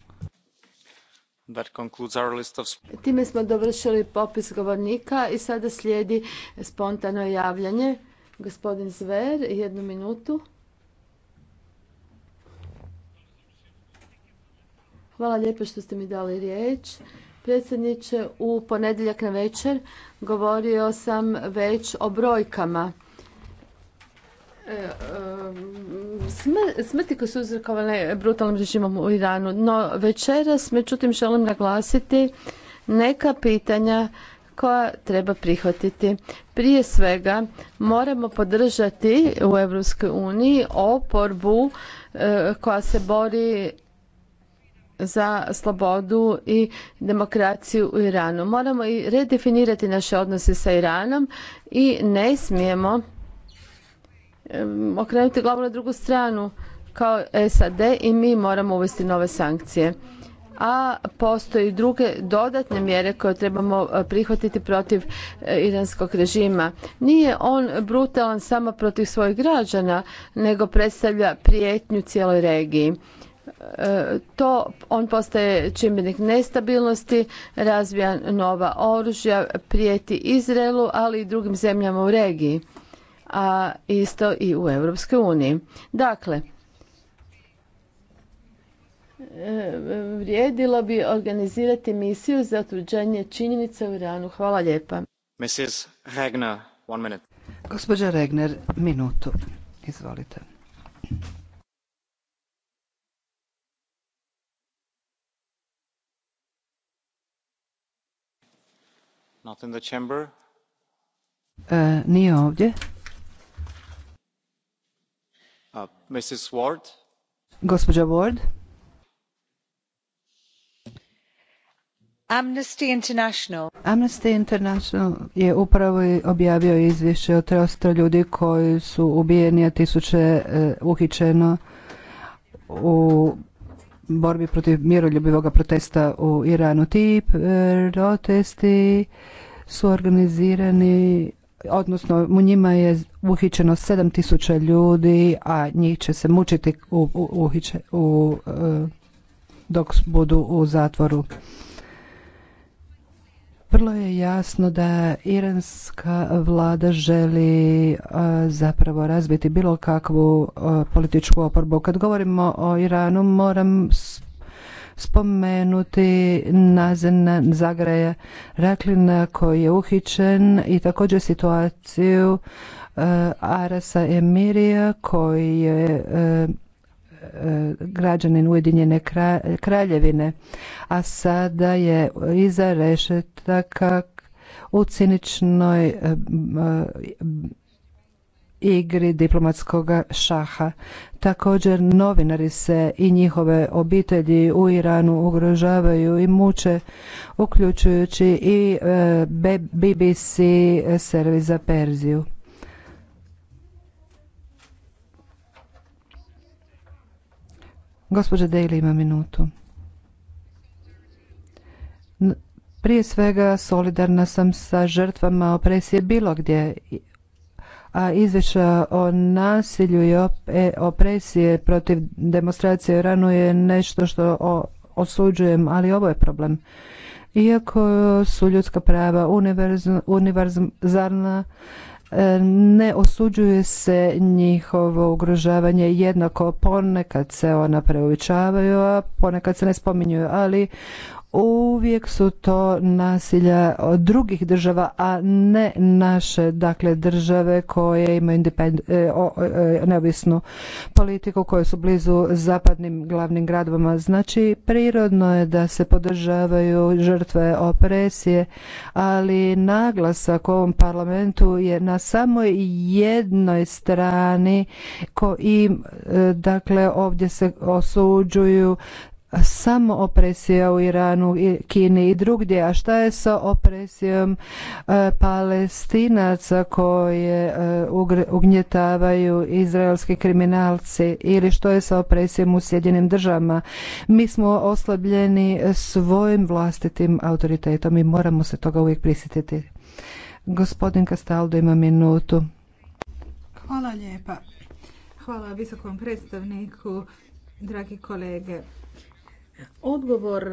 Time smo dovršili popis govornika i sada slijedi spontano javljanje. Gospodin Zver, jednu minutu. Hvala lijepo što ste mi dali riječ. Predsjedniče, u ponedjeljak na večer govorio sam već o brojkama. E, e, smrti koje su uzrokovane brutalnim režimom u Iranu, no večeras međutim želim naglasiti neka pitanja koja treba prihvatiti. Prije svega moramo podržati u Europskoj uniji oporbu e, koja se bori za slobodu i demokraciju u Iranu. Moramo i redefinirati naše odnose sa Iranom i ne smijemo okrenuti glavu na drugu stranu kao SAD i mi moramo uvesti nove sankcije a postoji druge dodatne mjere koje trebamo e, prihvatiti protiv e, iranskog režima. Nije on brutalan samo protiv svojih građana, nego predstavlja prijetnju cijeloj regiji e, to on postaje čimbenik nestabilnosti, razvija nova oružja, prijeti Izraelu, ali i drugim zemljama u regiji, a isto i u Europskoj uniji. Dakle, E, vrijedilo bi organizirati misiju za utvrđenje činjenica u Iranu. Hvala lijepa. Mrs. Regner, one minute. Gospođa Regner, minutu. Izvolite. Not in the chamber. E, nije ovdje. Uh, Mrs. Ward. Gospođa Ward. Amnesty International. Amnesty International je upravo objavio izvješće o 300 ljudi koji su ubijeni, a tisuće e, uhičeno u borbi protiv miroljubivoga protesta u Iranu. Ti e, protesti su organizirani odnosno u njima je uhićeno tisuća ljudi, a njih će se mučiti e, dok budu u zatvoru. Vrlo je jasno da iranska vlada želi zapravo razbiti bilo kakvu političku oporbu. Kad govorimo o Iranu moram spomenuti Nazen Zagreja Raklina koji je uhićen i također situaciju Arasa Emirija koji je građanin Ujedinjene kraljevine, a sada je iza rešetaka u ciničnoj e, e, igri diplomatskog šaha. Također novinari se i njihove obitelji u Iranu ugrožavaju i muče, uključujući i e, BBC servis za Perziju. Gospođa Daly ima minutu. Prije svega solidarna sam sa žrtvama opresije bilo gdje, a izvješća o nasilju i e, opresije protiv demonstracije u Iranu je nešto što osuđujem, ali ovo je problem. Iako su ljudska prava univerzalna, E, ne osuđuje se njihovo ugrožavanje jednako ponekad se ona preuvičavaju a ponekad se ne spominjuju. ali uvijek su to nasilja od drugih država, a ne naše dakle države koje imaju e, e, neovisnu politiku koje su blizu zapadnim glavnim gradovima. Znači prirodno je da se podržavaju žrtve opresije, ali naglasak u ovom parlamentu je na samo jednoj strani koji e, dakle ovdje se osuđuju samo opresija u Iranu, Kini i drugdje, a šta je sa opresijom e, palestinaca koje e, ugnjetavaju izraelski kriminalci ili što je sa opresijom u Sjedinim državama. Mi smo oslabljeni svojim vlastitim autoritetom i moramo se toga uvijek prisjetiti. Gospodin Kastaldo ima minutu. Hvala lijepa. Hvala visokom predstavniku, dragi kolege. Odgovor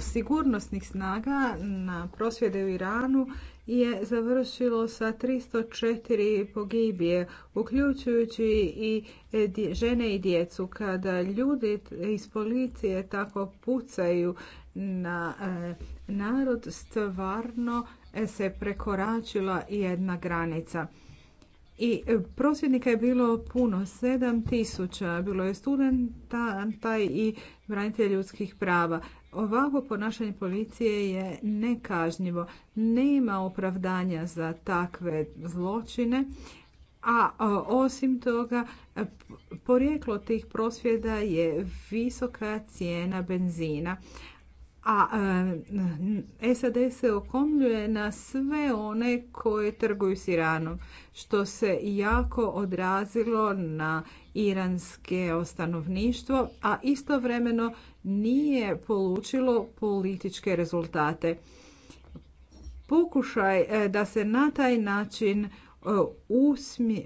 sigurnosnih snaga na prosvjede u Iranu je završilo sa 304 pogibije, uključujući i e, žene i djecu. Kada ljudi iz policije tako pucaju na e, narod, stvarno e, se prekoračila jedna granica. I e, prosvjednika je bilo puno, 7000, bilo je studenta taj i branitelj ljudskih prava. Ovako ponašanje policije je nekažnjivo. Nema opravdanja za takve zločine, a osim toga e, porijeklo tih prosvjeda je visoka cijena benzina a e, SAD se okomljuje na sve one koje trguju s Iranom, što se jako odrazilo na iranske stanovništvo, a istovremeno nije polučilo političke rezultate. Pokušaj e, da se na taj način e, usmi,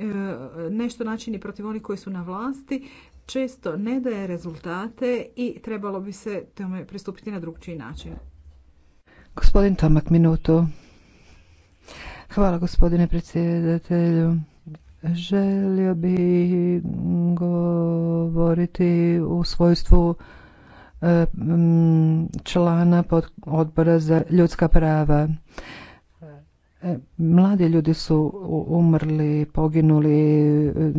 nešto načini protiv onih koji su na vlasti često ne daje rezultate i trebalo bi se tome pristupiti na drugčiji način. Gospodin Tomak, minuto Hvala gospodine predsjedatelju. Želio bi govoriti u svojstvu e, člana pod odbora za ljudska prava. Mladi ljudi su umrli, poginuli,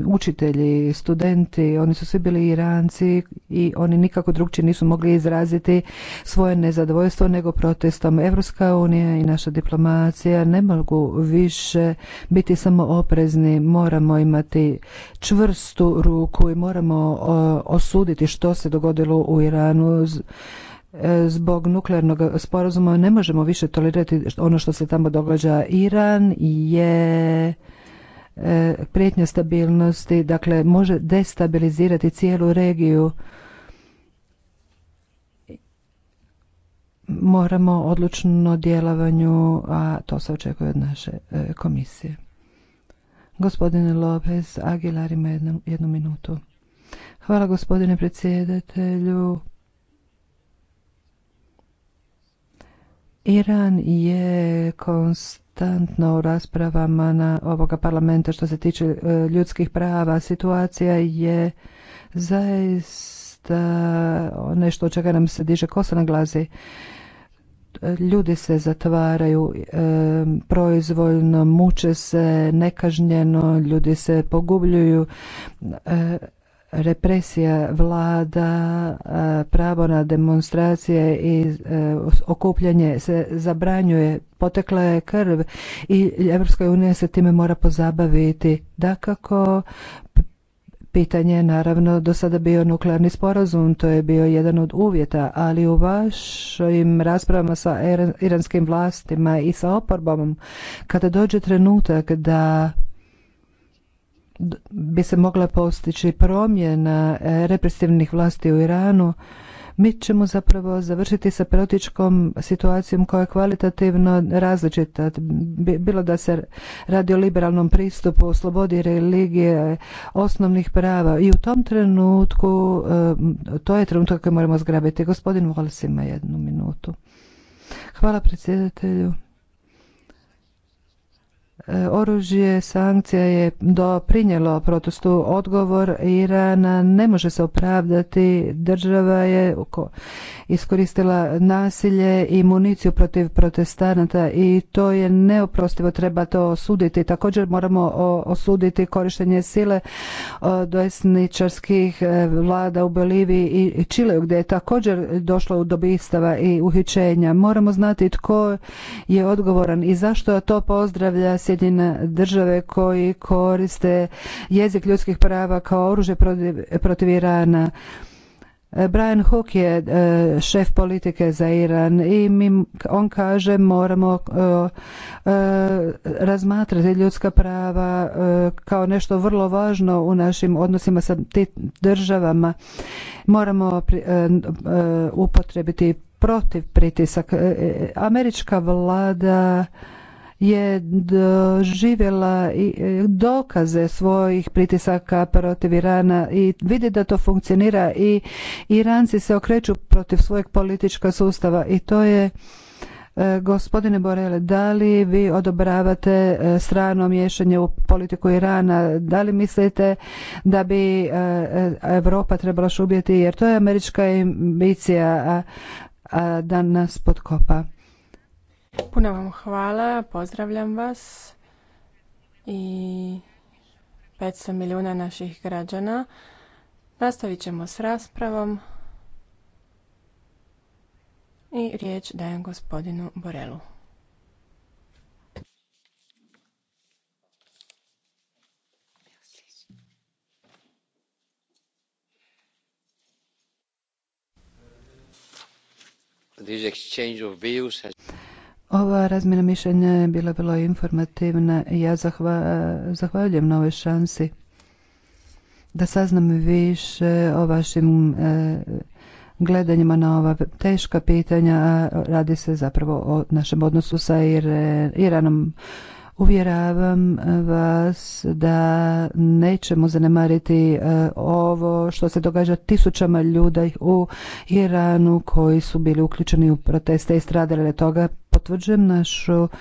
učitelji, studenti, oni su svi bili Iranci i oni nikako drugčije nisu mogli izraziti svoje nezadovoljstvo nego protestom. Evropska unija i naša diplomacija ne mogu više biti samo oprezni, moramo imati čvrstu ruku i moramo osuditi što se dogodilo u Iranu E, zbog nuklearnog sporazuma ne možemo više tolerirati ono što se tamo događa. Iran je e, prijetnja stabilnosti, dakle može destabilizirati cijelu regiju. Moramo odlučno djelovanju, a to se očekuje od naše e, komisije. Gospodine Lopez, Aguilar ima jednu minutu. Hvala gospodine predsjedatelju. Iran je konstantno u raspravama na ovoga parlamenta što se tiče e, ljudskih prava. Situacija je zaista nešto od čega nam se diže kosa na glazi. Ljudi se zatvaraju e, proizvoljno, muče se nekažnjeno, ljudi se pogubljuju. E, represija vlada, pravo na demonstracije i e, okupljanje se zabranjuje, potekla je krv i Evropska unija se time mora pozabaviti. kako Pitanje naravno do sada bio nuklearni sporazum, to je bio jedan od uvjeta, ali u vašim raspravama sa iranskim vlastima i sa oporbom, kada dođe trenutak da bi se mogla postići promjena e, represivnih vlasti u Iranu, mi ćemo zapravo završiti sa protičkom situacijom koja je kvalitativno različita. Bilo da se radi o liberalnom pristupu, o slobodi religije, osnovnih prava. I u tom trenutku, e, to je trenutak koji moramo zgrabiti. Gospodin Volsima ima jednu minutu. Hvala predsjedatelju. E, oružje sankcija je doprinjelo protestu odgovor Irana ne može se opravdati država je iskoristila nasilje i municiju protiv protestanata i to je neoprostivo treba to osuditi također moramo osuditi korištenje sile e, desničarskih e, vlada u Boliviji i Čileu gdje je također došlo do dobistava i uhićenja moramo znati tko je odgovoran i zašto to pozdravlja se sjedine države koji koriste jezik ljudskih prava kao oružje protiv, Irana. Brian Hook je e, šef politike za Iran i mi, on kaže moramo e, e, razmatrati ljudska prava kao nešto vrlo važno u našim odnosima sa tim državama. Moramo upotrebiti protiv pritisak. Američka vlada je doživjela e, dokaze svojih pritisaka protiv Irana i vidi da to funkcionira i Iranci se okreću protiv svojeg političkog sustava i to je e, Gospodine Borele, da li vi odobravate e, strano miješanje u politiku Irana? Da li mislite da bi Europa trebala šubjeti jer to je američka ambicija a da nas podkopa. Puno vam hvala, pozdravljam vas i 500 milijuna naših građana. Nastavit ćemo s raspravom i riječ dajem gospodinu Borelu. This ova razmjena mišljenja je bila vrlo informativna i ja zahvaljujem na ovoj šansi da saznam više o vašim e, gledanjima na ova teška pitanja. Radi se zapravo o našem odnosu sa Iranom. Uvjeravam vas da nećemo zanemariti e, ovo što se događa tisućama ljudi u Iranu koji su bili uključeni u proteste i stradali toga potvrđujem našu